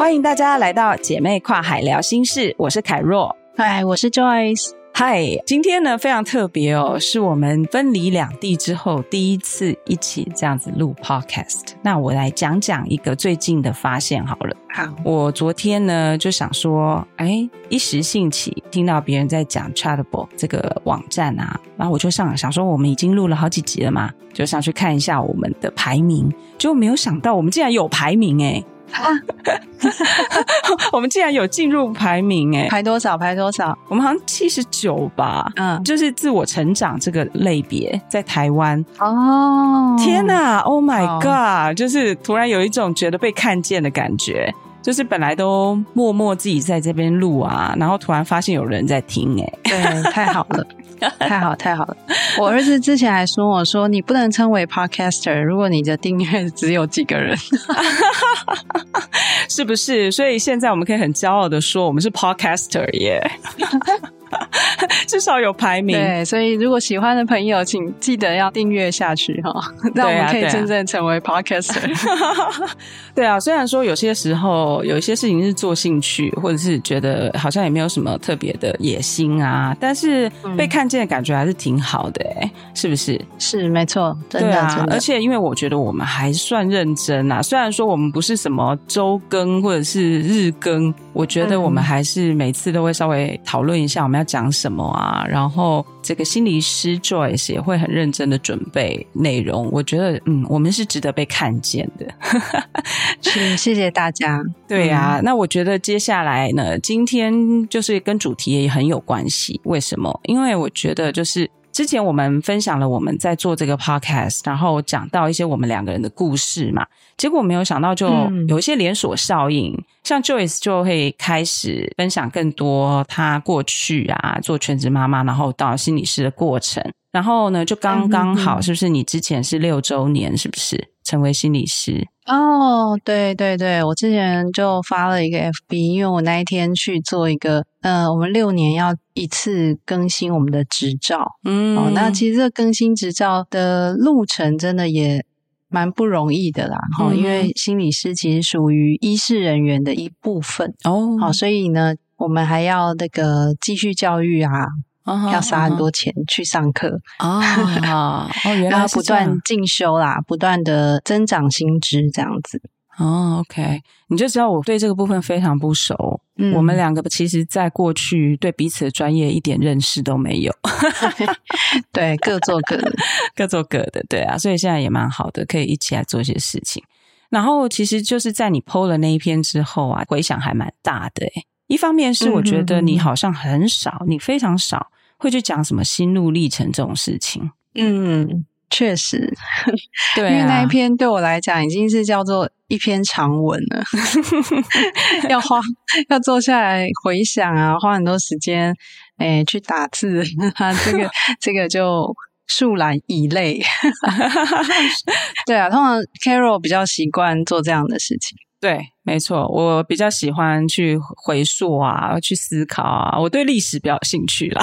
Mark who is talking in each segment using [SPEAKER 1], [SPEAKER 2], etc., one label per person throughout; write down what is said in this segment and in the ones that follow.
[SPEAKER 1] 歡迎大家來到姐妹跨海聊心事，我是凱若，嗨，我是 Joyce，嗨，Hi, 今天呢非常特別哦，是我們分離兩地之後第一次一起這樣子錄 Podcast。那我來講講一個最近的發現好了。好，我昨天呢就想說，哎，一時興起，聽到別人在講 Chatable 這個網站啊，然後我就上想說，我們已經錄了好幾集了嘛，就上去看一下我們的排名，就沒有想到我們竟然有排名哎、欸。啊， 我們竟然有進入排名哎、欸，排多少？排多少？我們好像七十九吧。嗯，就是自我成長這個類別，在台灣
[SPEAKER 2] 哦。天哪
[SPEAKER 1] ，Oh my God！、哦、就是突然有一種覺得被看見的感覺。就是本來都默默自己在這邊錄啊，然後突然發現有人在聽誒、欸、對，太好了，太好太好
[SPEAKER 3] 了！我兒子之前還說我說，你不能稱為
[SPEAKER 1] podcaster，如果你的訂閱只有幾個人， 是不是？所以現在我們可以很驕傲的說，我們是 podcaster 耶。
[SPEAKER 3] 至少有排名，對，所以如果喜歡的朋友，請記得要訂閱下去哈，
[SPEAKER 1] 啊、 那我們可以真正成為 Podcaster。對啊，對，啊 對啊，雖然說有些時候有一些事情是做興趣，或者是覺得好像也沒有什麼特別的野心啊，但是被看見的感覺還是挺好的，哎，是不是？是，沒錯，真的對啊，真的而且因為我覺得我們還算認真啊，雖然說我們不是什麼周更或者是日更，我覺得我們還是每次都會稍微討論一下我們。要講什麼啊？然後這個心理師 Joyce 也會很認真的準備內容。我覺得，嗯，我們是值得被看見的。
[SPEAKER 3] 是，謝謝大家。
[SPEAKER 1] 對呀，啊，嗯，那我覺得接下來呢，今天就是跟主題也很有關係。為什麼？因為我覺得就是。之前我們分享了我們在做這個 podcast，然後講到一些我們兩個人的故事嘛，結果沒有想到就有一些連鎖效應，嗯，像 Joyce 就會開始分享更多她過去啊，做全職媽媽，然後到心理師的過程。然後呢，就剛剛好，嗯、是不是？你之前是六周年，是不是成為心理師？
[SPEAKER 3] 哦，對對對，我之前就發了一個 FB，因為我那一天去做一個，嗯、呃，我們六年要一次更新我們的執照，
[SPEAKER 2] 嗯，哦，那
[SPEAKER 3] 其實這更新執照的路程真的也蠻不容易的啦，嗯哦、因為心理師其實屬於醫事人員的一部分哦，好、哦，所以呢，我們還要那個繼續教育啊。Oh, 要花很多錢去上課，oh, oh, oh. 然後不斷進修啦，oh, 不斷的增長新知這樣子。哦，oh，OK，
[SPEAKER 1] 你就知道我對這個部分非常不熟。嗯，我們兩個其實在過去對彼此的專業一點認識都沒有， 對，各做各的，各做各的，對啊，所以現在也蠻好的，可以一起來做一些事情。然後其實就是在你 PO 了那一篇之後啊，回響還蠻大的、欸。一方面是我覺得你好像很少，嗯、你非常少會去講什麼心路歷程這種事情。
[SPEAKER 3] 嗯，確實， 對、啊，因為那一篇對我來講已經是叫做一篇長文了， 要花要坐下來回想啊，花很多時間誒去打字，啊、 這個，這個這個就素來以淚。
[SPEAKER 1] 對啊，通常 Carol 比較習慣做這樣的事情。對，沒錯，我比較喜歡去回溯啊，去思考啊，我對歷史比較有興趣啦。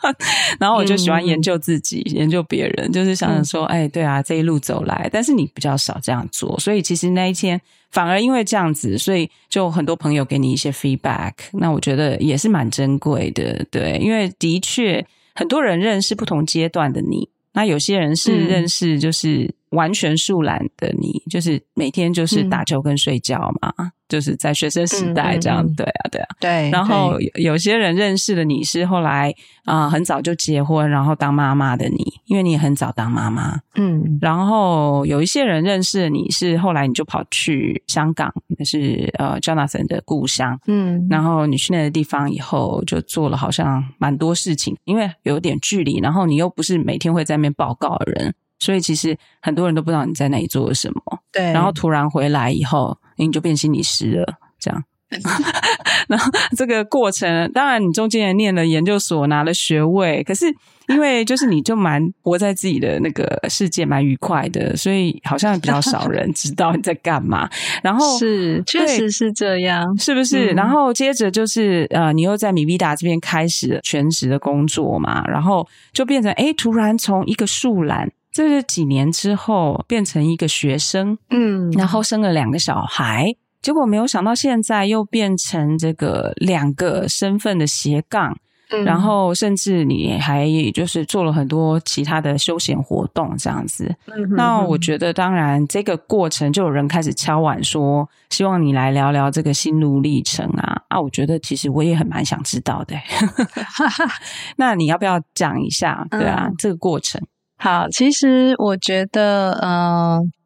[SPEAKER 1] 然後我就喜歡研究自己，嗯、研究別人，就是想着說，哎，對啊，這一路走來，但是你比較少這樣做，所以其實那一天反而因為這樣子，所以就很多朋友給你一些 feedback，那我覺得也是蠻珍貴的。對，因為的確很多人認識不同階段的你，那有些人是認識就是。嗯完全樹懶的你，就是每天就是打球跟睡覺嘛，嗯、就是在學生時代這樣、嗯嗯、對啊，對啊。對，然後對有，有些人認識的你是後來啊、呃，很早就結婚，然後當媽媽的你，因為你也很早當媽媽。嗯，然後有一些人認識的你是後來你就跑去香港，那、就是呃 Jonathan 的故鄉。嗯，然後你去那個地方以後，就做了好像蠻多事情，因為有點距離，然後你又不是每天會在那邊報告的人。所以其實很多人都不知道你在哪裡做了什麼，對，然後突然回來以後，你就變心理師了，這樣。 然後這個過程，當然你中間也念了研究所，拿了學位，可是因為就是你就蠻活在自己的那個世界， 蠻愉快的，所以好像比較少人知道你在幹嘛。 然後是，對確實是這
[SPEAKER 3] 樣，是不是？嗯、然
[SPEAKER 1] 後接着就是，呃，你又在 MiVida 這邊開始全職的工作嘛，然後就變成，誒，突然從一個樹懶。這是幾年之後變成一個學生，嗯，然後生了兩個小孩，結果沒有想到現在又變成這個兩個身份的斜槓，
[SPEAKER 2] 嗯，然後
[SPEAKER 1] 甚至你還就是做了很多其他的休閒活動這樣子，
[SPEAKER 2] 嗯哼哼，那我
[SPEAKER 1] 覺得當然這個過程就有人開始敲碗說，希望你來聊聊這個心路歷程啊啊，我覺得其實我也很蠻想知道的， 那你要不要講一下？嗯、對啊，這個過程。好，其實我覺得，嗯、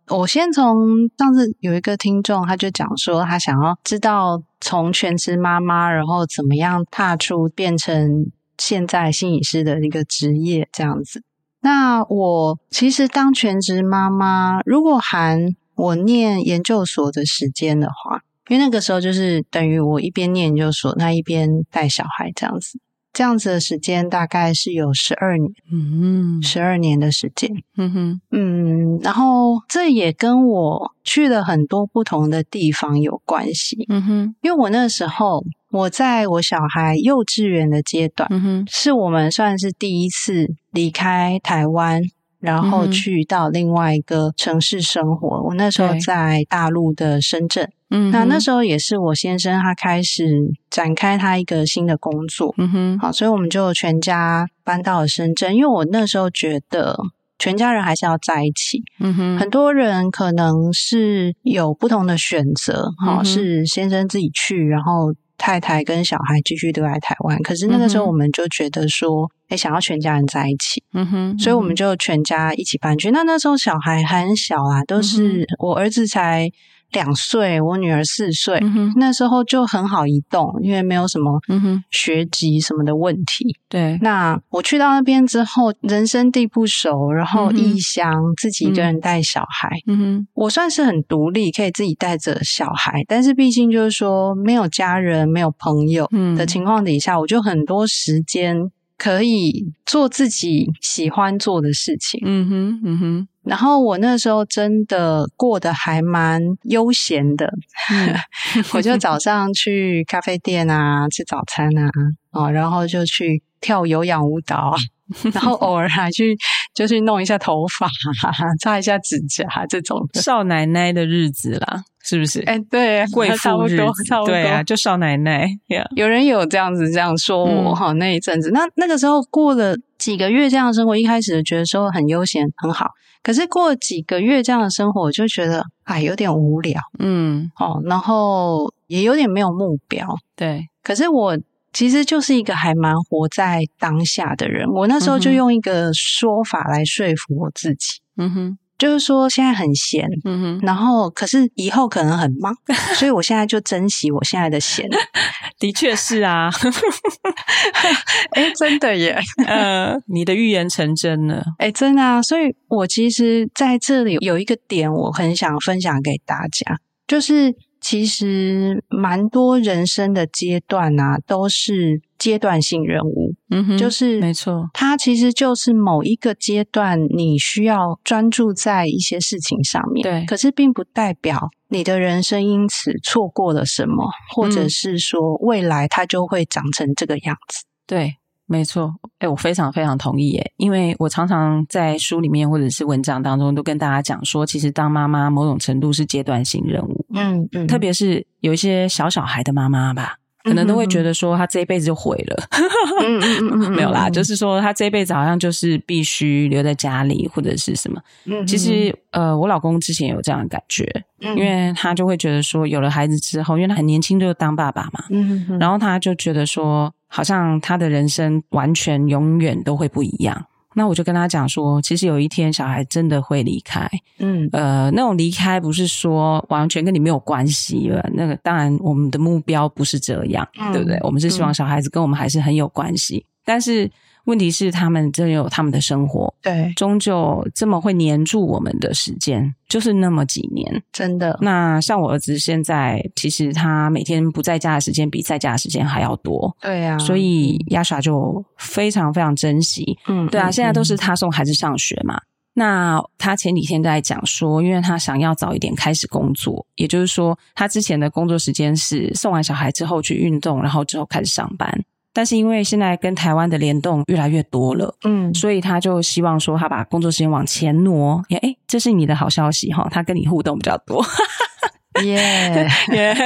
[SPEAKER 3] 呃，我先從上次有一個聽眾，他就講說，他想要知道從全職媽媽，然後怎麼樣踏出變成現在心理師的一個職業這樣子。那我其實當全職媽媽，如果含我念研究所的時間的話，因為那個時候就是等於我一邊念研究所，那一邊帶小孩這樣子。這樣子的時間大概是有十二年，嗯哼，十二年的時間，嗯哼，嗯，然後這也跟我去了很多不同的地方有關係，嗯哼，因為我那時候我在我小孩幼稚園的階段，嗯哼，是我們算是第一次離開台灣。然後去到另外一個城市生活。嗯、哼我那時候在大陸的深圳。嗯
[SPEAKER 2] 哼，那那時
[SPEAKER 3] 候也是我先生他開始展開他一個新的工作。嗯哼，好，所以我們就全家搬到了深圳。因為我那時候覺得全家人還是要在一起。嗯哼，很多人可能是有不同的選擇，好、嗯哼，是先生自己去，然後。太太跟小孩繼續都來台灣，可是那個時候我們就覺得說，哎，嗯哼，想要全家人在一起，嗯哼
[SPEAKER 2] 嗯哼，所以我們
[SPEAKER 3] 就全家一起搬去。那那時候小孩很小啊，都是我兒子才。兩歲，我女兒四歲，嗯哼。那時候就很好移動，因為沒有什麼學籍什麼的問題。嗯、對，那我去到那邊之後，人生地不熟，然後異鄉、嗯哼、自己一個人帶小孩，嗯哼、我算是很獨立，可以自己帶着小孩。但是畢竟就是說沒有家人、沒有朋友的情況底下，嗯、我就很多時間可以做自己喜歡做的事情。嗯哼，嗯哼。然後我那時候真的過得還蠻悠閒的，嗯、 我就早上去咖啡店啊吃早餐啊，然後就去跳有
[SPEAKER 1] 氧舞蹈，然後偶爾還去就是弄一下頭髮、擦一下指甲這種少奶奶的日子啦，是不是？哎、欸，對、啊，貴婦日子，差不多，差不多，對啊，就少奶奶。Yeah. 有人有這樣子這樣說我哈、嗯哦，那一陣子，那那個
[SPEAKER 3] 時候過了。幾個月這樣的生活，一開始覺得說很悠閒很好，可是過幾個月這樣的生活，我就覺得哎，有點無聊，嗯哦，然後也有點沒有目標，對。可是我其實就是一個還蠻活在當下的人，我那時候就用一個說法來說服我自己。嗯哼。嗯哼就是說現在很閒，嗯哼，然後可是以後可能很忙，所以我現在就珍惜我現
[SPEAKER 1] 在的閒。 的確是啊，哎、 欸，真的耶， 呃，你的預言成真了，
[SPEAKER 3] 哎、欸，真的。啊，所以我其實在這裡有一個點，我很想分享給大家，就是其實蠻多人生的階段啊，都是階段性任務。嗯哼，就是沒錯錯，它其實就是某一個階段，你需要專注在一些事情上面。對，可是並不代表你的人生因此錯過了什麼，
[SPEAKER 1] 嗯、或者是說未來它就會
[SPEAKER 3] 長成這個樣子。
[SPEAKER 1] 對，沒錯。哎、欸，我非常非常同意耶，因為我常常在書裡面或者是文章當中都跟大家講說，其實當媽媽某種程度是階段性任務。嗯
[SPEAKER 2] 嗯，嗯特
[SPEAKER 1] 別是有一些小小孩的媽媽吧。可能都會覺得說他這一輩子就毀了， 沒有啦，就是說他這一輩子好像就是必須留在家裡或者是什麼。其實呃，我老公之前有這樣的感覺，因為他就會覺得說有了孩子之後，因為他很年輕就當爸爸嘛，然後他就覺得說好像他的人生完全永遠都會不一樣。那我就跟他講說，其實有一天小孩真的會離開，嗯，呃，那種離開不是說完全跟你沒有關係了。那個當然，我們的目標不是這樣，嗯、對不對？我們是希望小孩子跟我們還是很有關係，嗯、但是。問題是，他們真的有他們的生活，對，終究這麼會黏住我們的時間，就是那麼幾年，真的。那像我兒子現在，其實他每天不在家的時間比在家的時間還要多，對呀、啊。所以 Yasha 就非常非常珍惜，嗯，對啊。現在都是他送孩子上學嘛，嗯嗯，那他前幾天在講說，因為他想要早一點開始工作，也就是說，他之前的工作時間是送完小孩之後去運動，然後之後開始上班。但是因為現在跟台灣的聯動越來越多了，嗯，所以他就希望說他把工作時間往前挪。誒、嗯欸、這是你的好消息哈、哦，他跟你互動比較多。哈哈哈，耶，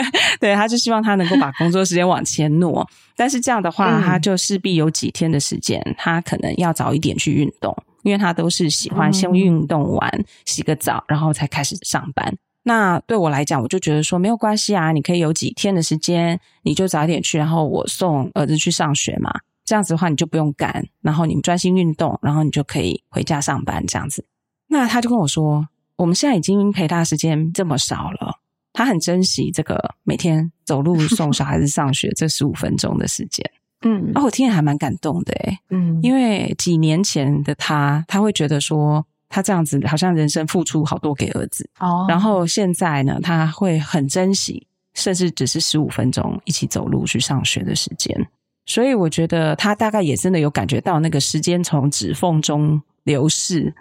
[SPEAKER 1] 對，他就希望他能夠把工作時間往前挪。 但是這樣的話，嗯、他就勢必有幾天的時間，他可能要早一點去運動，因為他都是喜歡先運動完嗯嗯洗個澡，然後才開始上班。那對我來講，我就覺得說沒有關係啊，你可以有幾天的時間，你就早點去，然後我送兒子去上學嘛。這樣子的話，你就不用趕，然後你們專心運動，然後你就可以回家上班這樣子。那他就跟我說，我們現在已經陪他時間這麼少了，他很珍惜這個每天走路送小孩子上學這十五分鐘的時間。嗯、 啊，然後我聽着還蠻感動的哎。嗯，因為幾年前的他，他會覺得說。他這樣子好像人生付出好多給兒子哦，然後現在呢，他會很珍惜，甚至只是十五分鐘一起走路去上學的時間。所以我覺得他大概也真的有感覺到那個時間從指縫中流逝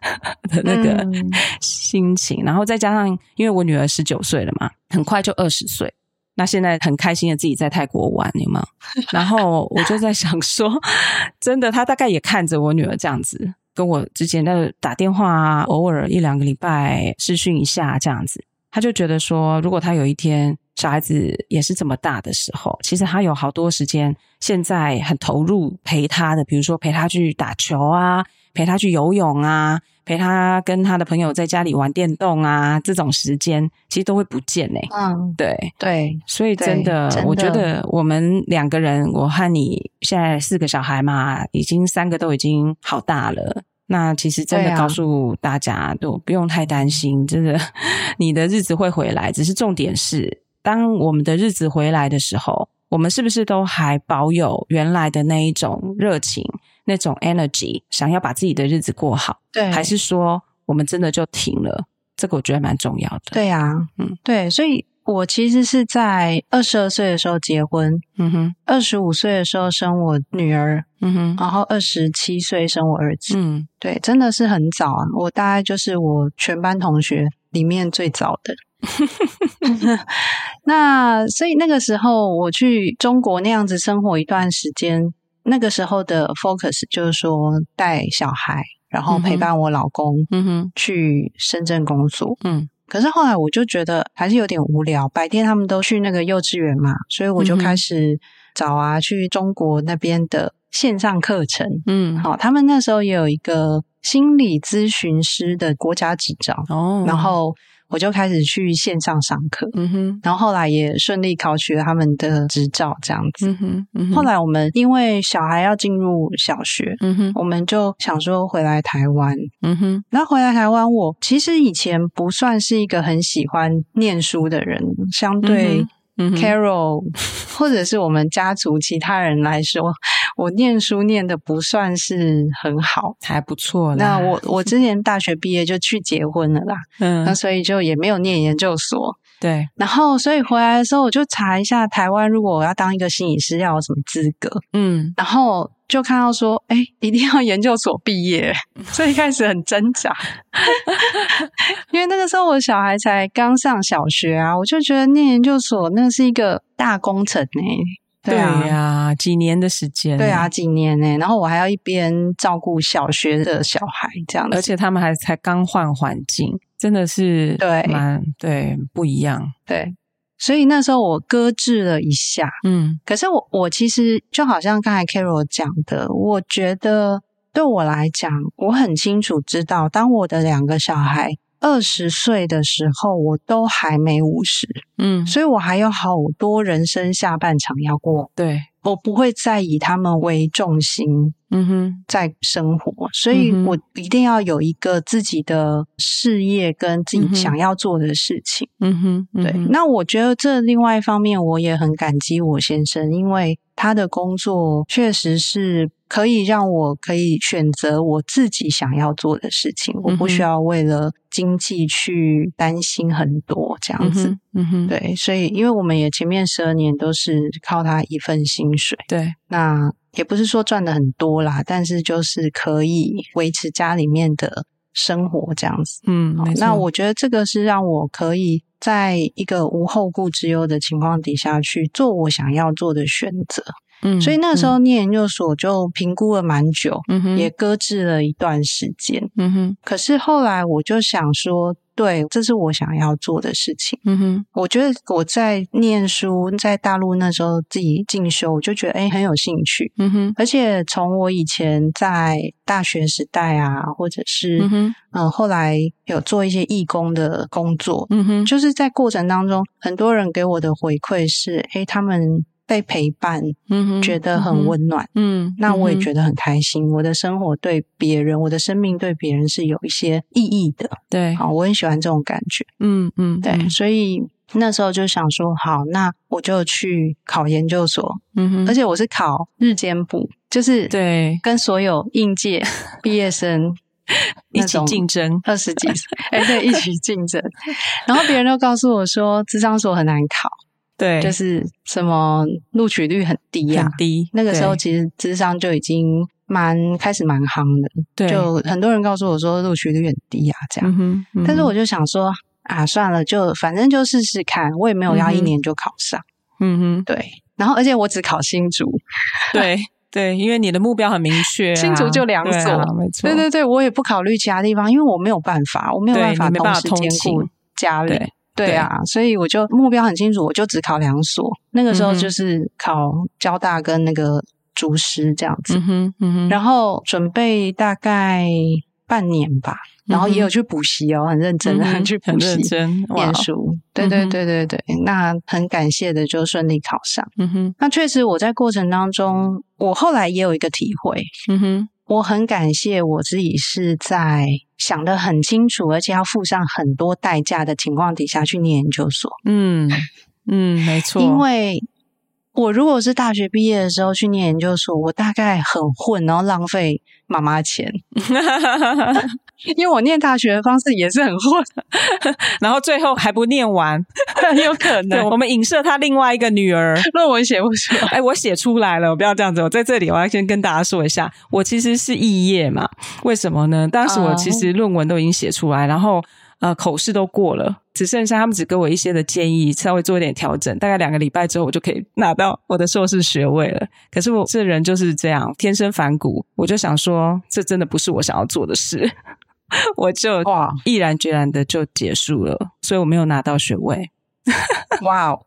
[SPEAKER 1] 的那個、嗯、心情。然後再加上，因為我女兒十九歲了嘛，很快就二十歲，那現在很開心的自己在泰國玩，有沒有？然後我就在想說， 真的，他大概也看着我女兒這樣子。跟我之前的打電話啊，偶爾一兩個禮拜視訊一下這樣子，他就覺得說，如果他有一天小孩子也是這麼大的時候，其實他有好多時間，現在很投入陪他的，比如說陪他去打球啊，陪他去游泳啊。陪他跟他的朋友在家裡玩電動啊，這種時間其實都會不見嘞、欸。嗯，對對，對，所以真的，真的我覺得我們兩個人，我和你現在四個小孩嘛，已經三個都已經好大了。那其實真的告訴大家，都、啊、不用太擔心，真的，你的日子會回來。只是重點是，當我們的日子回來的時候，我們是不是都還保有原來的那一種熱情？那種 energy，想要把自己的日子過好，對，還是說我們真的就停了？這個我覺得蠻重要的。
[SPEAKER 3] 對呀，啊，嗯，對，所以我其實是在二十二歲的時候結婚，嗯，二十五歲的時候生我女兒，嗯哼，然後二十七歲生我兒子，嗯，對，真的是很早啊，我大概就是我全班同學裡面最早的。 那所以那個時候我去中國那樣子生活一段時間。那個時候的 focus 就是說，帶小孩，然後陪伴我老公，嗯哼，去深圳工作，嗯，嗯。可是後來我就覺得還是有點無聊，白天他們都去那個幼稚園嘛，所以我就開始找啊，嗯哼，去中國那邊的線上課程，嗯、哦。他們那時候也有一個心理諮詢師的國家執照，哦、然後。我就開始去線上上課，嗯哼，然後後來也順利考取了他們的執照，這樣子。嗯哼，嗯哼，後來我們因為小孩要進入小學，嗯哼，我們就想說回來台灣，嗯哼。那回來台灣，我其實以前不算是一個很喜歡念書的人，相對，嗯哼。Carol, 嗯，Carol，哼或者是我們家族其他人來說，我念書念的不算是很好，還不錯啦。那我我之前大學畢業就去結婚了啦，嗯，那所以就也沒有念研究所。對，然後所以回來的時候，我就查一下台灣，如果我要當一個心理師，要有什麼資格？嗯，然後。就看到說，哎、欸，一定要研究所畢業，所以一開始很掙扎， 因為那個時候我小孩才剛上小學啊，我就覺得念研究所那是一個大工程呢、欸。對啊，對啊，幾年的時間、欸，對啊，幾年呢、欸。然後我還要一邊照顧小學的小孩，這樣子。而且他們還才剛換環境，真的是對，蠻對不一樣，對。所以那時候我擱置了一下，嗯，可是我我其實就好像剛才 Carol 講的，我覺得對我來講，我很清楚知道，當我的兩個小孩，二十歲的時候，我都還沒五十，嗯，所以我還有好多人生下半場要過。對，我不會再以他們為重心，嗯哼，在生活，所以我一定要有一個自己的事業跟自己想要做的事情，嗯哼，對。嗯哼，那我覺得這另外一方面，我也很感激我先生，因為他的工作確實是。可以讓我可以選擇我自己想要做的事情，嗯哼，我不需要為了經濟去擔心很多這樣子。嗯哼，嗯哼，對，所以因為我們也前面十二年都是靠他一份薪水。對，那也不是說賺得很多啦，但是就是可以維持家裡面的生活這樣子。嗯，那我覺得這個是讓我可以在一個無後顧之憂的情況底下去做我想要做的選擇。
[SPEAKER 2] 嗯，所以那時候
[SPEAKER 3] 念研究所就評估了蠻久，嗯哼，也擱置了一段時間。嗯哼，可是後來我就想說，對，這是我想要做的事情。嗯哼，我覺得我在念書在大陸那時候自己進修，我就覺得，哎，很有興趣。嗯哼，而且從我以前在大學時代啊，或者是，嗯哼，呃，後來有做一些義工的工作。嗯哼，就是在過程當中，很多人給我的回饋是，哎，他們，被陪伴，嗯，覺得很溫暖，嗯，
[SPEAKER 2] 那我也覺
[SPEAKER 3] 得很開心。我的生活對別人，我的生命對別人是有一些意義的，對，我很喜歡這種感覺，嗯
[SPEAKER 2] 嗯，對，
[SPEAKER 3] 所以那時候就想說，好，那我就去考研究所，嗯哼，而且我是考日間部，就是對，跟所有應屆畢業生一起競爭二十幾歲，哎對，一起競爭，然後別人都告訴我說，諮商所很難考。對，就是什麼錄取率很低，啊，很低。那個時候其實諮商就已經蠻開始蠻夯的，對就很多人告訴我說錄取率很低啊，這樣。嗯嗯，但是我就想說啊，算了，就反正就試試看，我也沒有要一年就考上。
[SPEAKER 2] 嗯哼，
[SPEAKER 1] 對。然後，而且我只考新竹，對 對，對，因為你的目標很明確，啊，新竹就兩所，啊，沒錯，對對
[SPEAKER 3] 對，我也不考慮其他地方，因為我沒有辦法，我沒有辦法同時兼顧家裡。對。對啊，所以我就目標很清楚，我就只考兩所。那個時候就是考交大跟那個竹師這樣子，嗯嗯
[SPEAKER 2] 嗯、然
[SPEAKER 3] 後準備大概半年吧，然後也有去補習哦，很認真的去補習，很去、嗯、很認真念書。對對對對對，嗯、哼那很感謝的就順利考上。嗯、哼那確實我在過程當中，我後來也有一個體會。嗯哼。我很感謝我自己是在想得很清楚，而且要付上很多代價的情況底下去念研究所。
[SPEAKER 2] 嗯嗯，沒
[SPEAKER 3] 錯。因為我如果是大學畢業的時候去念研究所，我大概很混，然後浪費媽媽錢。 因為我念大學的方式也是很混的。
[SPEAKER 1] 然後最後還不念完，很 有可能。 對我們影射他另外一個女兒論 文寫不出來，哎、欸，我寫出來了，我不要這樣子。我在這裡，我要先跟大家說一下，我其實是肄業嘛。為什麼呢？當時我其實論文都已經寫出來，然後呃口試都過了，只剩下他們只給我一些的建議，稍微做一點調整，大概兩個禮拜之後我就可以拿到我的碩士學位了。可是我這人就是這樣，天生反骨，我就想說，這真的不是我想要做的事。 我就毅然決然的就結束了，Wow. 所以我沒有拿到學位。
[SPEAKER 2] 哇
[SPEAKER 1] 哦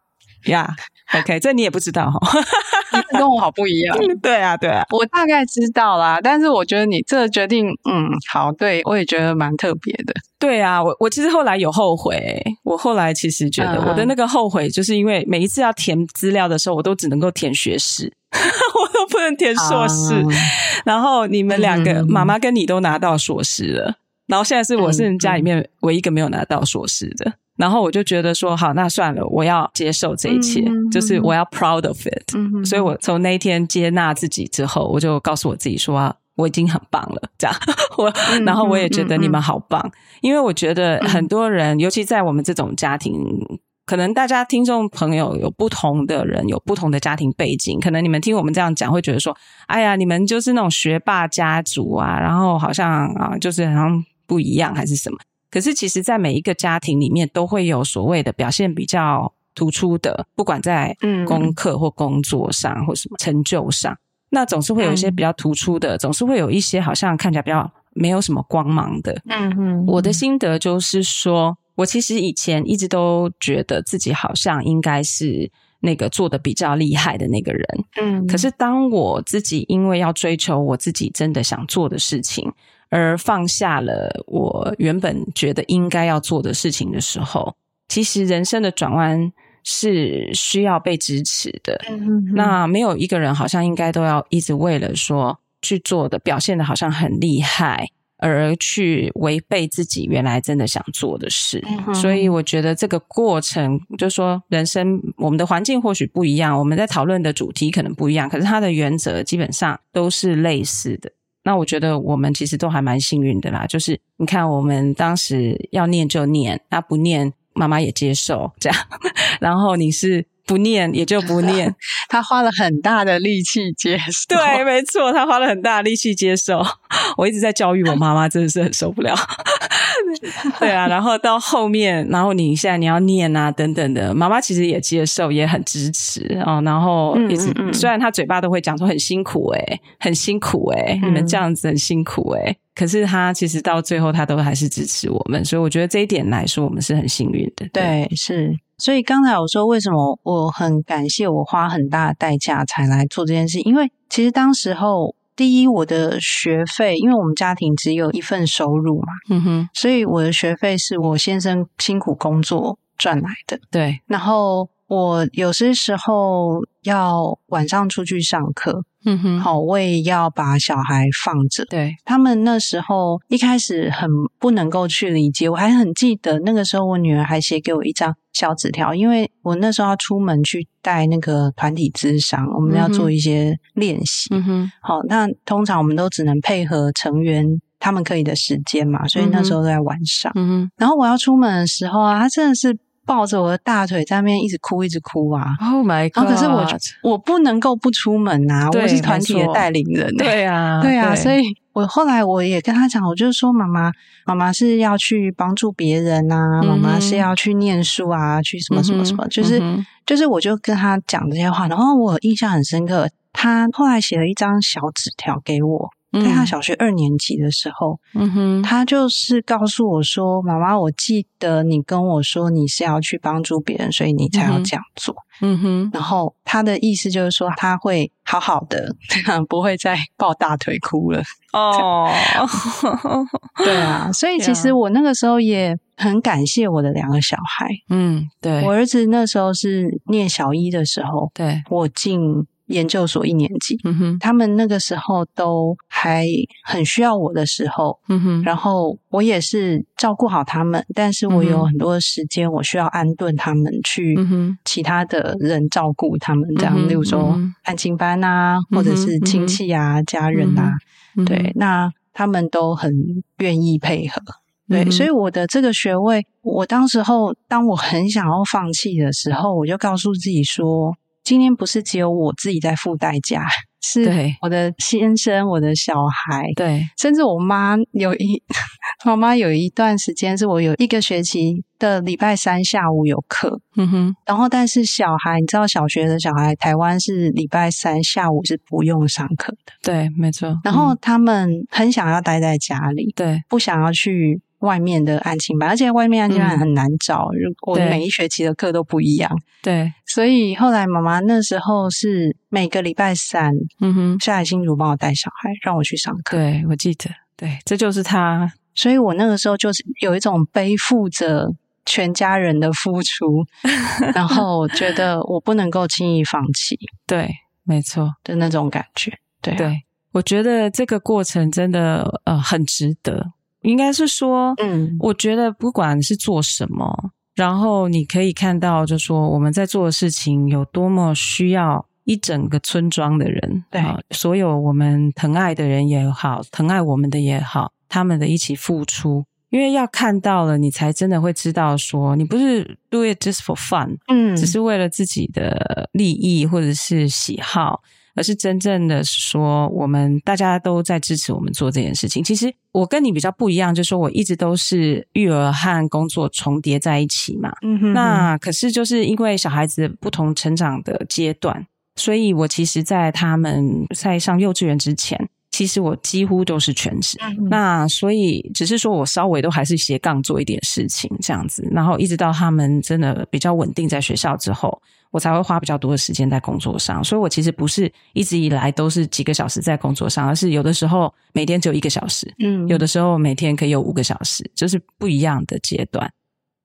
[SPEAKER 1] 呀，OK， 這你也不知道哈， 你跟我好不一樣。 對啊，對啊，我大概知道啦，但是我覺得你這決定，嗯，好，對，我也覺得蠻特別的。對啊，我我其實後來有後悔，我後來其實覺得我的那個後悔，就是因為每一次要填資料的時候，我都只能夠填學士， 我都不能填碩士。Uh. 然後你們兩個、嗯、媽媽跟你都拿到碩士了。然後現在是我是家裡面唯一一個沒有拿到碩士的，然後我就覺得說好，那算了，我要接受這一切，就是我要 proud of it。所以，我從那一天接納自己之後，我就告訴我自己說，我已經很棒了。這樣我，然後我也覺得你們好棒，因為我覺得很多人，尤其在我們這種家庭，可能大家聽眾朋友有不同的人，有不同的家庭背景，可能你們聽我們這樣講，會覺得說，哎呀，你們就是那種學霸家族啊，然後好像啊，就是好像。不一樣還是什麼？可是其實，在每一個家庭裡面，都會有所謂的表現比較突出的，不管在功課或工作上，或什麼成就上，嗯、那總是會有一些比較突出的，嗯、總是會有一些好像看起來比較沒有什麼光芒的。嗯嗯，嗯
[SPEAKER 2] 嗯，我的
[SPEAKER 1] 心得就是說，我其實以前一直都覺得自己好像應該是那個做得比較厲害的那個人。嗯，可是當我自己因為要追求我自己真的想做的事情。而放下了我原本覺得應該要做的事情的時候，其實人生的轉彎是需要被支持的。嗯哼。那沒有一個人好像應該都要一直為了說去做的表現的，好像很厲害，而去違背自己原來真的想做的事。嗯哼。所以我覺得這個過程，就是說人生，我們的環境或許不一樣，我們在討論的主題可能不一樣，可是它的原則基本上都是類似的。那我覺得我們其實都還蠻幸運的啦，就是你看，我們當時要念就念，那、啊、不念媽媽也接受這樣， 然後你是不念也就不念 他，他花了很大的力氣接受，對，沒錯，他花了很大力氣接受。我一直在教育我媽媽，真的是很受不了。
[SPEAKER 2] 對啊，然
[SPEAKER 1] 後到後面，然後你現在你要念啊，等等的，媽媽其實也接受，也很支持啊、嗯。然後一直，嗯嗯、雖然她嘴巴都會講說很辛苦哎、欸，很辛苦哎、欸，嗯、你們這樣子很辛苦哎、欸，可是她其實到最後她都還是支持我們。所以我覺得這一點來說，我們是很幸運的。
[SPEAKER 3] 對，對，是。所以剛才我說為什麼我很感謝我花很大的代價才來做這件事，因為其實當時候。第一，我的學費，因為我們家庭只有一份收入嘛，嗯哼，所以我的學費是我先生辛苦工作賺來的。對，然後。我有些時，時候要晚上出去上課，嗯哼，好，我也要把小孩放着。對，他們那時候一開始很不能夠去理解，我還很記得那個時候，我女兒還寫給我一張小紙條，因為我那時候要出門去帶那個團體諮商，嗯、哼我們要做一些練習，嗯哼，好，那通常我們都只能配合成員他們可以的時間嘛，所以那時候都在晚上，嗯、哼，然後我要出門的時候啊，他真的是。抱着我的大腿在那邊一直哭一直哭啊！Oh my god！、啊、可是我我不能夠不出門吶、啊，對我是團體的帶領人、啊。對啊， 對啊，對所以我後來我也跟他講，我就是說媽媽，媽媽是要去幫助別人吶、啊，嗯、哼媽媽是要去念書啊，去什麼什麼什麼，嗯、哼就是就是我就跟他講這些話，然後我印象很深刻，他後來寫了一張小紙條給我。在他小學二年級的時候，嗯哼，他就是告訴我說：“媽媽，我記得你跟我說你是要去幫助別人，所以你才要這樣做。嗯”嗯哼，然後他的意思就是說他會好好的， 不會再抱大腿哭
[SPEAKER 1] 了。哦 ，oh. 對
[SPEAKER 3] 啊，所以其實我那個時候也很感謝我的兩個小孩。嗯，對，我兒子那時候是念小一的時候，對，我進。研究所一年級，嗯、哼他們那個時候都還很需要我的時候，
[SPEAKER 2] 嗯、哼然
[SPEAKER 3] 後我也是照顧好他們，但是我有很多的時間，我需要安頓他們去其他的人照顧他們，這樣，嗯、哼例如說安親嗯、哼班啊，嗯、哼或者是親戚啊、嗯、哼家人啊，嗯、哼對，那他們都很願意配合，對，嗯、哼所以我的這個學位，我當時候當我很想要放棄的時候，我就告訴自己說。今天不是只有我自己在付代價，是，我的先生，對我的小孩，對，甚至我媽有一，我媽有一段時間是我有一個學期的禮拜三下午有課，嗯哼，然後但是小孩，你知道小學的小孩，台灣是禮拜三下午是不用上課的，對，沒錯，然後他們很想要待在家裡，嗯、對，不想要去外面的安親班，而且外面安親班很難找，我、嗯啊、每一學期的課都不一樣，對。所以後來，媽媽那時候是每個禮拜三，嗯哼，下來新竹幫我帶小孩，嗯、哼讓我去上課。對，我記得，對，這就是他。所以我那個時候就是有一種背負着全家人的付出， 然後我覺得我不能夠輕易放
[SPEAKER 1] 棄。對，沒錯的那種感覺。對，對，對，對，我覺得這個過程真的呃很值得。應該是說，嗯，我覺得不管是做什麼。然後你可以看到，就說我們在做的事情有多麼需要一整個村莊的人，對，啊，所有我們疼愛的人也好，疼愛我們的也好，他們的一起付出。因為要看到了，你才真的會知道，說你不是 do it just for fun，嗯，只是為了自己的利益或者是喜好，而是真正的說，我們大家都在支持我們做這件事情。其實我跟你比較不一樣，就是說我一直都是育兒和工作重疊在一起嘛，嗯哼哼。那可是就是因為小孩子不同成長的階段，所以我其實在他們在上幼稚園之前。其實我幾乎都是全職，那所以只是說我稍微都還是斜槓做一點事情這樣子，然後一直到他們真的比較穩定在學校之後，我才會花比較多的時間在工作上。所以我其實不是一直以來都是幾個小時在工作上，而是有的時候每天只有一個小時，嗯。有的時候每天可以有五個小時，就是不一樣的階段。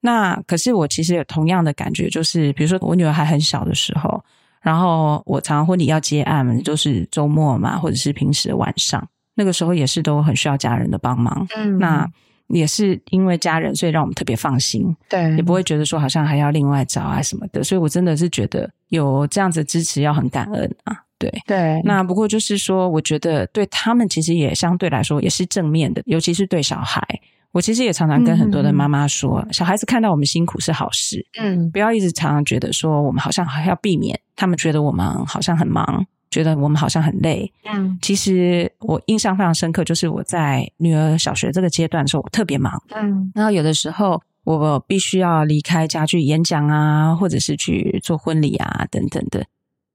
[SPEAKER 1] 那可是我其實有同樣的感覺，就是比如說我女兒還很小的時候。然後我常常婚禮要接案，就是周末嘛，或者是平時的晚上，那個時候也是都很需要家人的幫忙。嗯，那也是因為家人，所以讓我們特別放心。對，也不會覺得說好像還要另外找啊什麼的。所以我真的是覺得有這樣子的支持，要很感恩啊。對對，那不過就是說，我覺得對他們其實也相對來說也是正面的，尤其是對小孩。我其實也常常跟很多的媽媽說，嗯、小孩子看到我們辛苦是好事。嗯，不要一直常常覺得說我們好像還要避免。他們覺得我們好像很忙，覺得我們好像很累。嗯，其實我印象非常深刻，就是我在女兒小學這個階段的時候，我特別忙。嗯，然後有的時候我必須要離開家去演講啊，或者是去做婚禮啊，等等的。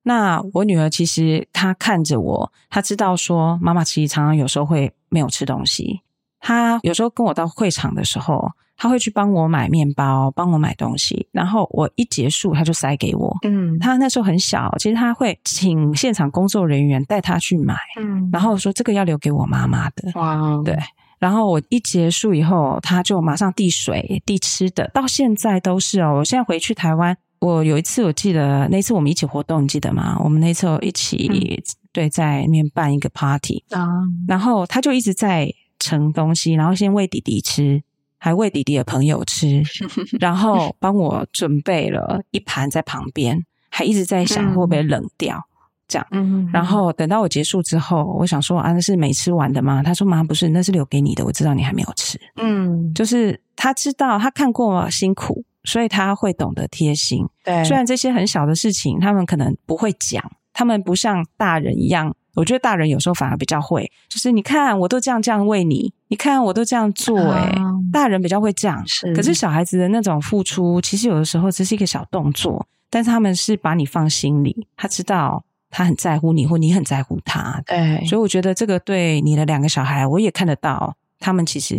[SPEAKER 1] 那我女兒其實她看着我，她知道說媽媽其實常常有時候會沒有吃東西。她有時候跟我到會場的時候。他會去幫我買麵包，幫我買東西，然後我一結束，他就塞給我。嗯，他那時候很小，其實他會請現場工作人員帶他去買。嗯，然後說這個要留給我媽媽的。哇、哦，對。然後我一結束以後，他就馬上遞水、遞吃的，到現在都是哦。我現在回去台灣，我有一次我記得那一次我們一起活動，你記得嗎？我們那一次我一起、嗯、對，在那邊辦一個 party 啊、嗯，然後他就一直在盛東西，然後先餵弟弟吃。還餵弟弟的朋友吃，然後幫我準備了一盤在旁邊， 還一直在想會不會冷掉，嗯、這樣。嗯、然後等到我結束之後，我想說啊，那是沒吃完的嗎？他說媽不是，那是留給你的，我知道你還沒有吃。
[SPEAKER 2] 嗯，
[SPEAKER 1] 就是他知道他看過辛苦，所以他會懂得貼心。對，雖然這些很小的事情，他們可能不會講，他們不像大人一樣。我覺得大人有時候反而比較會，就是你看我都這樣這樣餵你，你看我都這樣做、欸，哎、啊，大人比較會這樣。是。可是小孩子的那種付出，其實有的時候只是一個小動作，但是他們是把你放心裡，他知道他很在乎你，或你很在乎他。對，哎、所以我覺得這個對你的兩個小孩，我也看得到，他們其實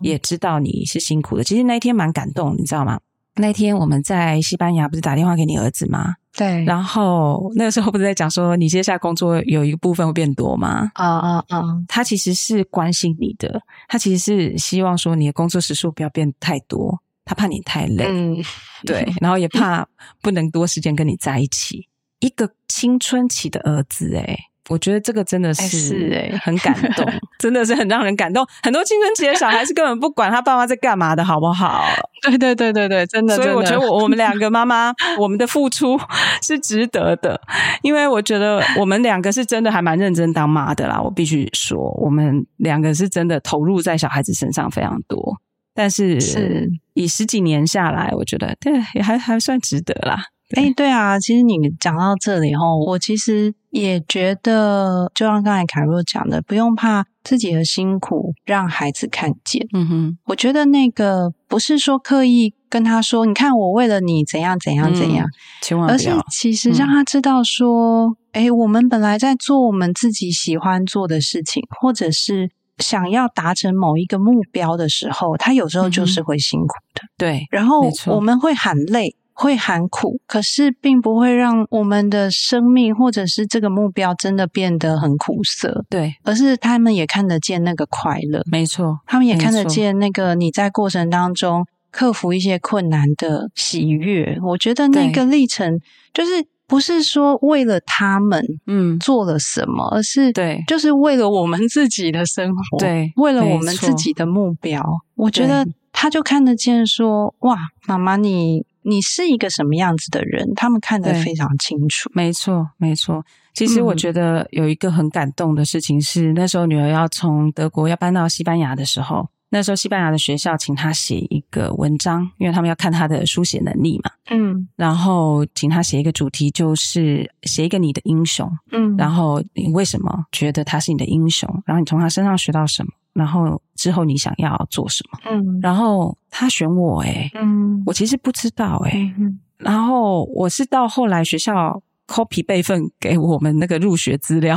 [SPEAKER 1] 也知道你是辛苦的。嗯、其實那一天蠻感動，你知道嗎？那天我們在西班牙，不是打電話給你兒子嗎？對。然後那個時候不是在講說，你接下來工作有一個部分會變多嗎？啊啊啊！他其實是關心你的，他其實是希望說你的工作時數不要變太多，他怕你太累。嗯，對。然後也怕不能多時間跟你在一起。 一個青春期的兒子，欸，誒我覺得這個真的是，哎，很感動，是欸、真的是很讓人感動。 很多青春期的小孩是根本不管他爸媽在幹嘛的，好不好？ 對，對，對，對，對，真的。所以我覺得我們兩個媽媽， 我們的付出是值得的，因為我覺得我們兩個是真的還蠻認真當媽的啦。我必須說，我們兩個是真的投入在小孩子身上非常多，但是是以十幾年下來，我覺得對，對也還還算值得啦。哎對、欸，對啊，其實你講到這裡
[SPEAKER 3] 後、哦，我其實也覺得，就像剛才凱若講的，不用怕自己的辛苦讓孩子看見。嗯哼，我覺得那個不是說刻意跟他說，你看我為了你怎樣怎樣怎樣、
[SPEAKER 1] 嗯，怎樣千萬不要。而是
[SPEAKER 3] 其實讓他知道說，哎、嗯欸，我們本來在做我們自己喜歡做的事情，或者是想要達成某一個目標的時候，他有時候就是會辛苦的。嗯、對，然後我們會喊累。會很苦，可是並不會讓我們的生命或者是這個目標真的變得很苦澀，對，而是他們也看得見那個快樂，沒錯，他們也看得見那個你在過程當中克服一些困難的喜悅。錯我覺得那個歷程就是不是說為了他們，嗯，做了什麼，嗯、而是對，就是為了我們自己的生活，對，為了我們自己的目標。錯我覺得他就看得見說，說對哇，
[SPEAKER 1] 媽媽你。你是一個什麼樣子的人？他們看得非常清楚。沒錯，沒錯。其實我覺得有一個很感動的事情是，嗯、那時候女兒要從德國要搬到西班牙的時候，那時候西班牙的學校請她寫一個文章，因為他們要看她的書寫能力嘛。嗯。然後請她寫一個主題，就是寫一個你的英雄。嗯。然後你為什麼覺得他是你的英雄？然後你從他身上學到什麼？然後。之後你想要做什麼？嗯，然後他選我，欸，哎，嗯，我其實不知道，欸，哎，嗯，然後我是到後來學校 copy 備份給我們那個入學資料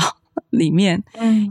[SPEAKER 1] 裡面，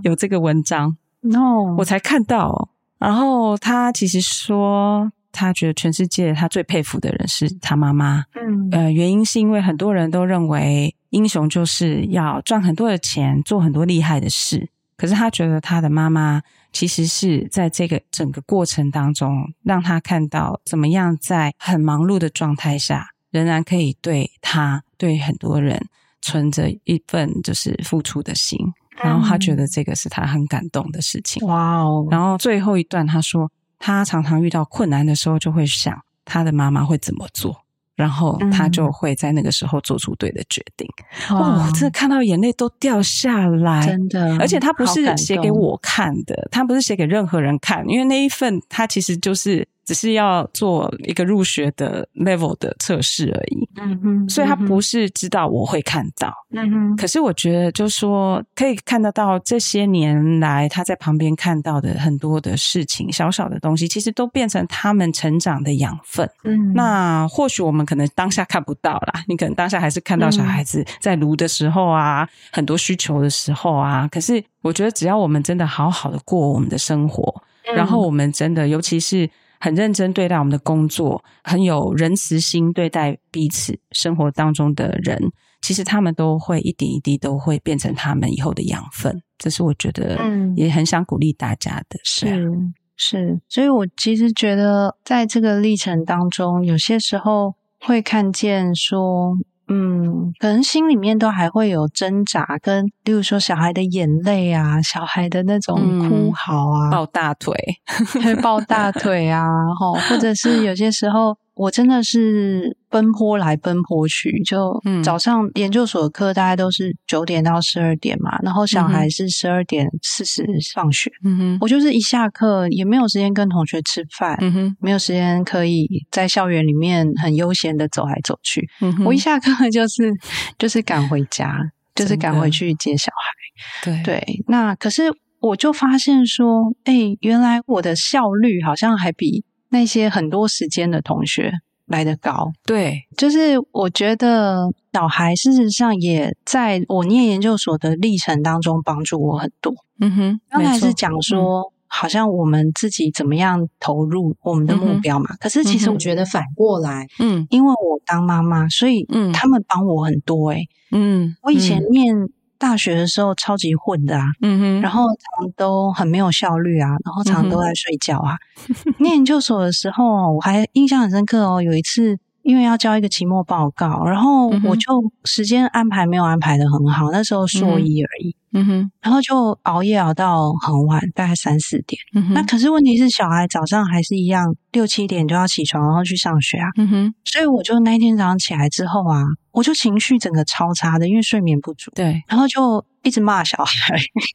[SPEAKER 1] 有這個文章，no，嗯，我才看到。No，然後他其實說，他覺得全世界他最佩服的人是他媽媽，嗯，呃，原因是因為很多人都認為英雄就是要賺很多的錢，做很多厲害的事，可是他覺得他的媽媽。其實是在這個整個過程當中，讓他看到怎麼樣在很忙碌的狀態下，仍然可以對他、對很多人存着一份就是付出的心，然後他覺得這個是他很感動的事情。哇哦！嗯。然後最後一段他說，他常常遇到困難的時候，就會想他的媽媽會怎麼做。然後他就會在那個時候做出對的決定。
[SPEAKER 2] 哦、嗯，我真的
[SPEAKER 1] 看到眼淚都掉下來，真的。而且他不是寫給我看的，他不是寫給任何人看，因為那一份他其實就是。只是要做一個入學的 level 的測試而已，嗯哼，嗯
[SPEAKER 2] 哼，所以他
[SPEAKER 1] 不是知道我會看到，嗯哼。可是我覺得，就是說，可以看得到這些年來他在旁邊看到的很多的事情，小小的東西，其實都變成他們成長的養分。嗯哼，那或許我們可能當下看不到啦，你可能當下還是看到小孩子在盧的時候啊，嗯、哼很多需求的時候啊。可是我覺得，只要我們真的好好的過我們的生活，嗯、哼然後我們真的，尤其是。很認真對待我們的工作，很有仁慈心對待彼此生活當中的人，其實他們都會一點一滴都會變成他們以後的養分，這是我覺得，嗯，也很想鼓勵大家的事、
[SPEAKER 3] 嗯啊、是，是，所以我其實覺得在這個歷程當中，有些時候會看見說。嗯，可能心裡面都還會有掙扎，跟例如說小孩的眼淚啊，小孩的那種哭嚎啊，嗯、抱大腿 會抱大腿啊，吼，或者是有些時候我真的是。奔波來奔波去，就早上研究所的課大概都是九點到十二點嘛，嗯、然後小孩是十二點四十放學。嗯、哼我就是一下課也沒有時間跟同學吃飯，嗯、哼沒有時間可以在校園裡面很悠閒的走來走去。嗯、哼我一下課就是就是趕回家，的就是趕回去接小孩。對，對，那可是我就發現說，哎，原來我的效率好像還比那些很多時間的同學。來得高，對，就是我覺得小孩事實上也在我念研究所的歷程當中幫助我很多。
[SPEAKER 2] 嗯哼，剛才是
[SPEAKER 3] 講說錯好像我們自己怎麼樣投入我們的目標嘛，嗯、哼可是其實我覺得反過來，嗯哼，因為我當媽媽，嗯、所以嗯，他們幫我很多，欸，哎，嗯，
[SPEAKER 2] 我以前
[SPEAKER 3] 念大學的時候超級混的啊，嗯、哼然後常都很沒有效率啊，然後常，常都在睡覺啊。嗯、哼念研究所的時候，我還印象很深刻哦，有一次。因為要交一個期末報告，然後我就時間安排沒有安排的很好，嗯哼，那時候碩一而已，嗯哼，然後就熬夜熬到很晚，大概三四點。嗯哼。那可是問題是，小孩早上還是一樣六七點就要起床，然後去上學啊，嗯哼。所以我就那一天早上起來之後啊，我就情緒整個超差的，因為睡眠不足，對，然後就一直罵小孩，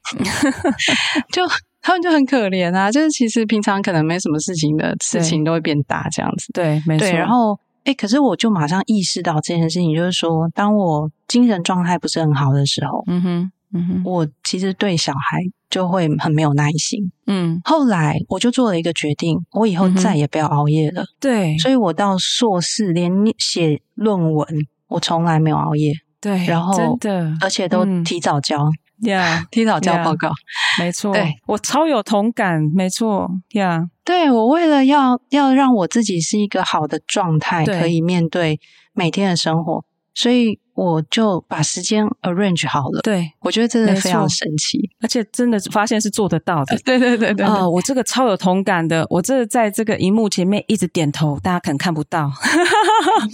[SPEAKER 3] 就他們就很可憐啊，就是其實平常可能沒什麼事情的事情都會變大這樣子，對，對，沒錯，然後。哎、欸，可是我就馬上意識到這件事情，就是說，當我精神狀態不是很好的時候，嗯哼，嗯哼，我其實對小孩就會很沒有耐心。嗯，後來我就做了一個決定，我以後再也不要熬夜了。嗯、對，所以我到碩士連寫論文，我從來沒有熬夜。
[SPEAKER 1] 對，然後真的，而且都
[SPEAKER 3] 提早交。呀、
[SPEAKER 1] 嗯，yeah, 提早交報告。Yeah. 沒錯，對我超有
[SPEAKER 3] 同感。沒錯呀，yeah、對，我為了要要讓我自己是一個好的狀態，對可以面對每天的生活，所以。我就把時間
[SPEAKER 1] arrange 好了。對，我覺得真的非
[SPEAKER 3] 常
[SPEAKER 1] 的神奇，而且真的發現是做得到的。呃、對對對對啊、呃，我這個超有同感的。我這個在這個螢幕前面一直點頭，大家可能看不到，哈哈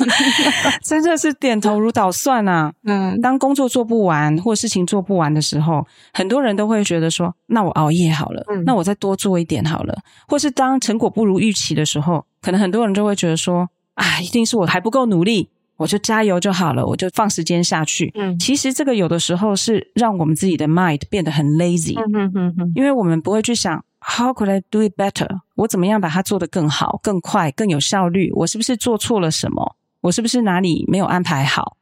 [SPEAKER 1] 哈。真的是點頭如搗蒜啊，啊。嗯，當工作做不完或事情做不完的時候，很多人都會覺得說，那我熬夜好了，嗯、那我再多做一點好了。或是當成果不如預期的時候，可能很多人就會覺得說，啊，一定是我還不夠努力。我就加油就好了，我就放時間下去。嗯，其實這個有的時候是讓我們自己的 mind 變得很 lazy，
[SPEAKER 2] 嗯。
[SPEAKER 1] 因為我們不會去想 How could I do it better？我怎麼樣把它做得更好、更快、更有效率？我是不是做錯了什麼？我是不是哪裡沒有安排好？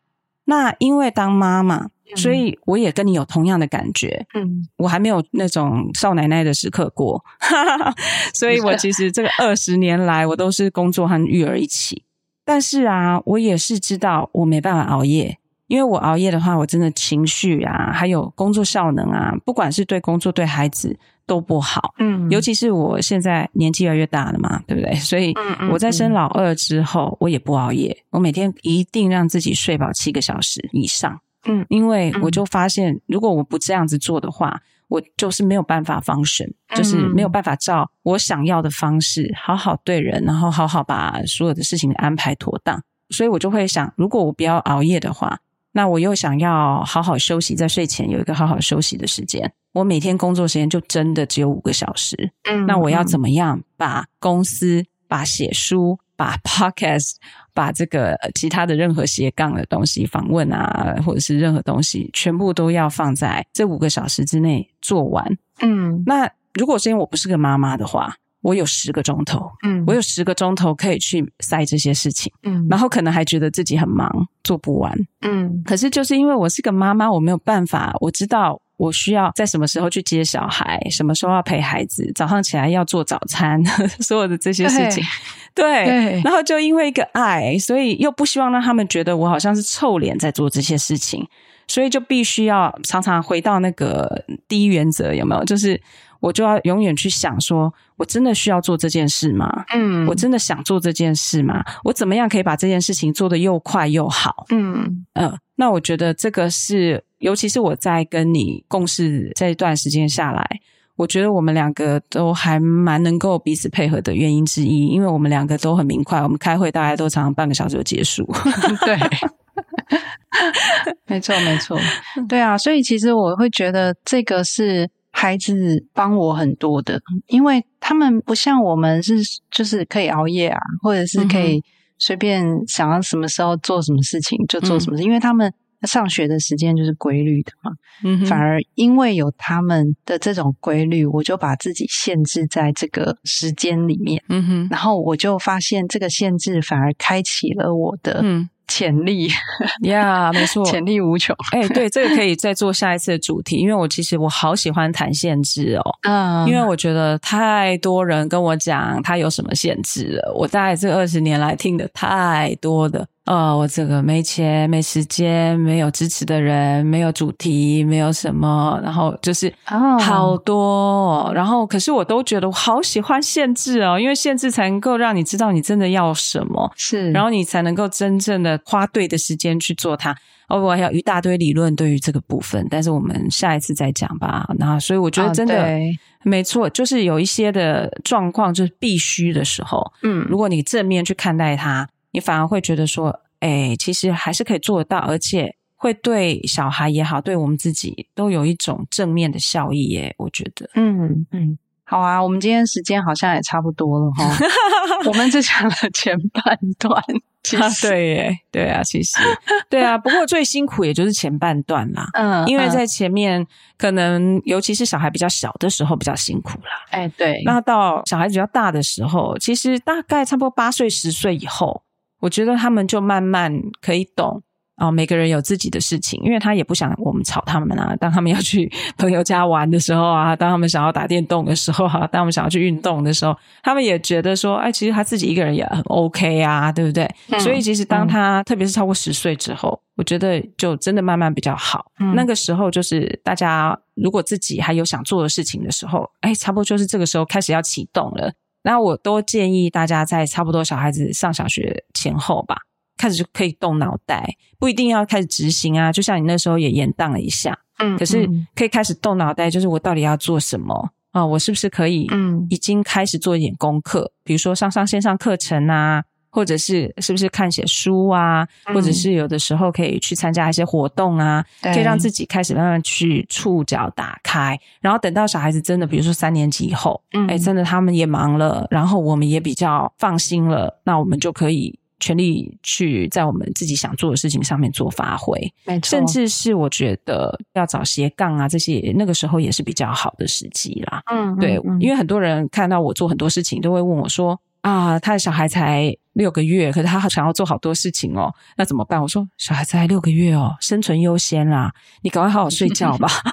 [SPEAKER 1] 那因為當媽媽，嗯，所以我也跟你有同樣的感覺。嗯，我還沒有那種少奶奶的時刻過，哈哈哈，所以我其實這個二十年來，我都是工作和育兒一起。但是啊，我也是知道我沒辦法熬夜，因為我熬夜的話，我真的情緒啊，還有工作效能啊，不管是對工作對孩子都不好。嗯，尤其是我現在年紀越來越大了嘛，對不對？所以我在生老二之後，我也不熬夜，嗯嗯嗯，我每天一定讓自己睡飽七個小時以上。嗯，因為我就發現，如果我不這樣子做的話。我就是沒有辦法放神，就是沒有辦法照我想要的方式好好對人，然後好好把所有的事情安排妥當。所以我就會想，如果我不要熬夜的話，那我又想要好好休息，在睡前有一個好好休息的時間。我每天工作時間就真的只有五個小時，那我要怎麼樣把公司，把寫書，把 podcast，把這個其他的任何斜槓的東西訪問啊，或者是任何東西，全部都要放在這五個小時之內做完。嗯，那如果是因為我不是個媽媽的話，我有十個鐘頭，嗯，我有十個鐘頭可以去塞這些事情，嗯，然後可能還覺得自己很忙，做不完，嗯。可是就是因為我是個媽媽，我沒有辦法，我知道。我需要在什麼時候去接小孩？什麼時候要陪孩子？早上起來要做早餐，呵呵所有的這些事情，欸、對。欸、然後就因為一個愛，所以又不希望讓他們覺得我好像是臭臉在做這些事情，所以就必須要常常回到那個第一原則，有沒有？就是。我就要永遠去想說，說我真的需要做這件事嗎？嗯，我真的想做這件事嗎？我怎麼樣可以把這件事情做得又快又好？嗯嗯、呃，那我覺得這個是，尤其是我在跟你共事這一段時間下來，我覺得我們兩個都還蠻能夠彼此配合的原因之一，因為我們兩個都很明快，我們開會大概都常常半個小時就結束。 對， 沒錯沒錯，
[SPEAKER 3] 對啊，所以其實我會覺得這個是。孩子幫我很多的，因為他們不像我們是就是可以熬夜啊，嗯哼，或者是可以隨便想要什麼時候做什麼事情就做什麼事，嗯，因為他們上學的時間就是規律的嘛。嗯哼，反而因為有他們的這種規律，我就把自己限制在這個時間裡面。嗯哼，然後我就發現這個限制反而開啟了我的、嗯潛
[SPEAKER 1] 潛力呀、 yeah，沒錯，潛力無窮。哎，對，這個可以再做下一次的主題，因為我其實我好喜歡談限制哦，嗯、uh，因為我覺得太多人跟我講他有什麼限制了，我大概這二十年來聽的太多的。呃、哦，我這個沒錢、沒時間、沒有支持的人，沒有主題，沒有什麼，然後就是好多，Oh. 然後可是我都覺得我好喜歡限制哦，因為限制才能夠讓你知道你真的要什麼，是，然後你才能夠真正的花對的時間去做它。哦，我還有一大堆理論對於這個部分，但是我們下一次再講吧。那所以我覺得真的、Oh, 對沒錯，就是有一些的狀況就是必須的時候，嗯，如果你正面去看待它，你反而會覺得說，哎、欸，其實還是可以做得到，而且會對小孩也好，對我們自己都有一種正面的效益耶。我覺得，嗯
[SPEAKER 2] 嗯，
[SPEAKER 1] 好啊，我們今天時間好像也差不多了
[SPEAKER 2] 哈、哦。 我們只講了前半段，
[SPEAKER 1] 其實、啊、對耶，對啊，其實對啊。不過最辛苦也就是前半段啦，嗯， 因為在前面、嗯、可能尤其是小孩比較小的時候比較辛苦啦。哎、欸，對。那到小孩比較大的時候，其實大概差不多八歲、十歲以後。我覺得他們就慢慢可以懂啊、哦，每個人有自己的事情，因為他也不想我們吵他們啊。當他們要去朋友家玩的時候啊，當他們想要打電動的時候啊，當我們想要去運動的時候，他們也覺得說，哎，其實他自己一個人也很 OK 啊，對不對？嗯、所以，其實當他、嗯、特別是超過十歲之後，我覺得就真的慢慢比較好。嗯、那個時候，就是大家如果自己還有想做的事情的時候，哎，差不多就是這個時候開始要啟動了。那我都建議大家在差不多小孩子上小學前後吧，開始就可以動腦袋，不一定要開始執行啊。就像你那時候也延宕了一下，嗯，可是可以開始動腦袋，就是我到底要做什麼啊？我是不是可以嗯，已經開始做一點功課，嗯，比如說上上線上課程啊。或者是是不是看些書啊，嗯、或者是有的時候可以去參加一些活動啊，對可以讓自己開始慢慢去觸角打開。然後等到小孩子真的，比如說三年級以後，誒、嗯欸、真的他們也忙了，然後我們也比較放心了，那我們就可以全力去在我們自己想做的事情上面做發揮。錯甚至是我覺得要找斜槓啊，這些那個時候也是比較好的時機啦。嗯，對，嗯、因為很多人看到我做很多事情，都會問我說啊，他的小孩才。六個月，可是他好想要做好多事情哦，那怎麼辦？我說，小孩子還六個月哦，生存優先啦，你趕快好好睡覺吧。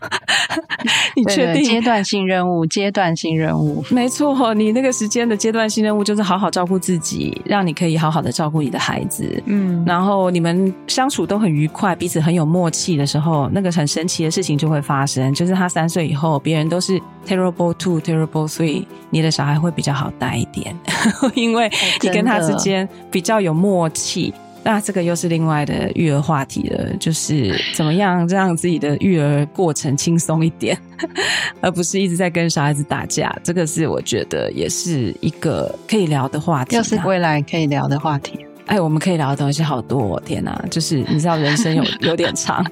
[SPEAKER 3] 你確定階
[SPEAKER 1] 段性任務？階段性任務。沒錯，你那個時間的階段性任務就是好好照顧自己，讓你可以好好的照顧你的孩子。嗯，然後你們相處都很愉快，彼此很有默契的時候，那個很神奇的事情就會發生。就是他三歲以後，別人都是 terrible two, terrible three，所以你的小孩會比較好帶一點， 因為你跟他之間比較有默契。欸那這個又是另外的育兒話題了，就是怎麼樣讓自己的育兒過程輕鬆一點，而不是一直在跟小孩子打架。這個是我覺得也是一個可以聊的話題。啊，就是未來可以聊的話題。哎，我們可以聊的東西好多，哦，天哪，啊，就是你知道人生有 有點長，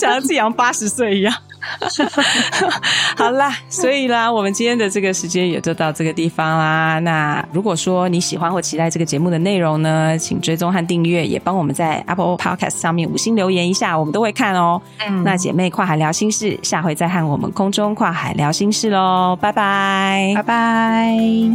[SPEAKER 1] 想 像自己要八十歲一樣。 好啦，所以啦，我們今天的這個時間也就到這個地方啦。那如果說你喜歡或期待這個節目的內容呢，請追蹤和訂閱，也幫我們在 Apple Podcast 上面五星留言一下，我們都會看哦、喔。嗯，那姐妹跨海聊心事，下回再和我們空中跨海聊心事嘍，拜
[SPEAKER 2] 拜，拜拜。